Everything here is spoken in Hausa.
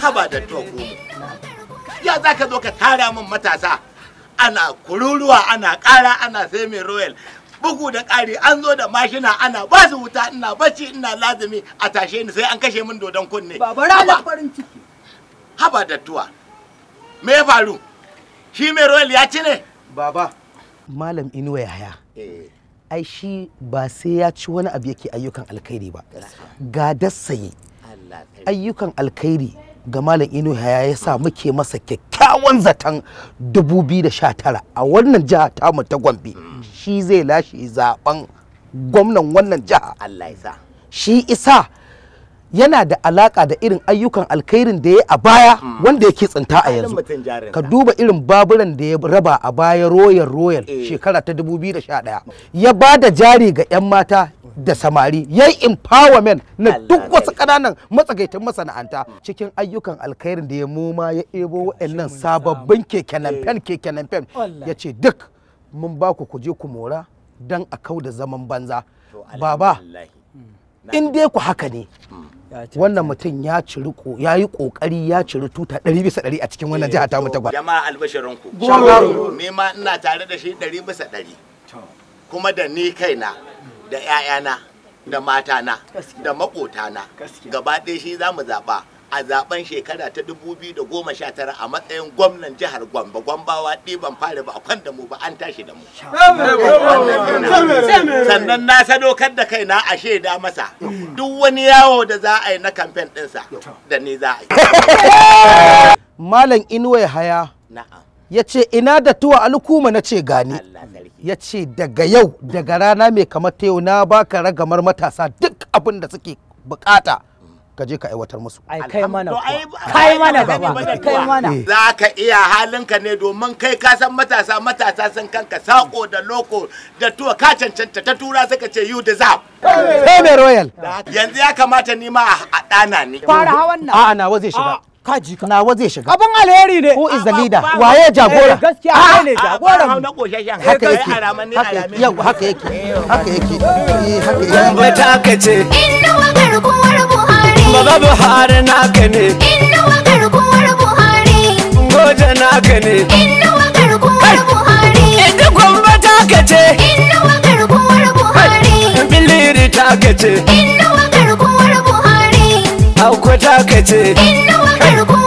haba da togo ya za ka zo ka tara min matasa ana kururuwa ana ƙara ana sai mai royal bugu da ƙari an zo da mashina ana ba su wuta ina bacci ina lazumi a tashe ni sai an kashe min dodon kunne baba rana farin ciki haba da tuwa me ya faru shi mai royal ya ci ne baba malam inuwa ya haya eh. ai shi ba sai ya ci wani abu yake ayyukan alkhairi ba ga dassaye ayyukan alkhairi ga malam inu ya sa muke masa kyakkyawan zaton 2019 a wannan jiha tamu ta gombe shi zai lashe zaben gwamnan wannan jiha allah shi isa yana da alaka da irin ayyukan alkhairin da ya a baya wanda yake tsinta a yanzu ka duba irin baburan da ya raba a baya royal royal eh. shekara ta 2011 ya ba da jari ga 'yan mata da samari ya yi empowerment na duk wasu ƙananan matsakaitan masana'anta cikin ayyukan alkhairin da ya muma ya ebo waɗannan sababbin kekenanfen eh. kekenanfen ya ce duk mun ba ku kuje ku mora don a kau da zaman banza baba in dai ku haka ne mm. wannan mutum ya ciri ya yi kokari ya ciri tuta 100 bisa a cikin wannan eh, jiha ta mu jama'a albashirinku shagaru ne ma ina tare da shi 100 bisa 100 kuma da ni kaina da 'ya'yana da matana da makotana gaba ɗaya shi za mu zaɓa a zaben shekara ta da goma sha tara a matsayin gwamnan jihar gwamba Gwambawa, ɗiban fari ba a da mu ba an tashi da mu. Sannan na sadaukar da kaina a shaida masa duk wani yawo da za a yi na kamfen ɗinsa da ni za a yi. Malam Inuwa Haya. Na'am. ya ce ina da tuwa alkuma na ce gani ya ce daga yau daga rana mai kamar ta na baka ragamar matasa duk abin da suke bukata ka je ka aiwatar musu. Ai kai mana kai mana kai mana. Eh. Za ka iya halinka ne domin kai ka san matasa matasa sun kanka sako da loko da tuwa ka cancanta ta tura suka ce you deserve. Kai mai royal. Yanzu ya kamata ni ma a dana ne. Fara hawan nan. A'a na zai shiga. kaji ka nawa zai shiga abin alheri ne who is the leader waye jagora eh, gaskiya ne ne jagora na koshashen haka yake haka yake yau haka yake haka yake eh haka yake ba ta kace inna wa garkuwar buhari baba buhari na kane inna wa garkuwar buhari goje na kane inna wa garkuwar buhari inda gwamba ta kace inna wa garkuwar buhari biliri ta kace inna ko ta kace. Inna wakar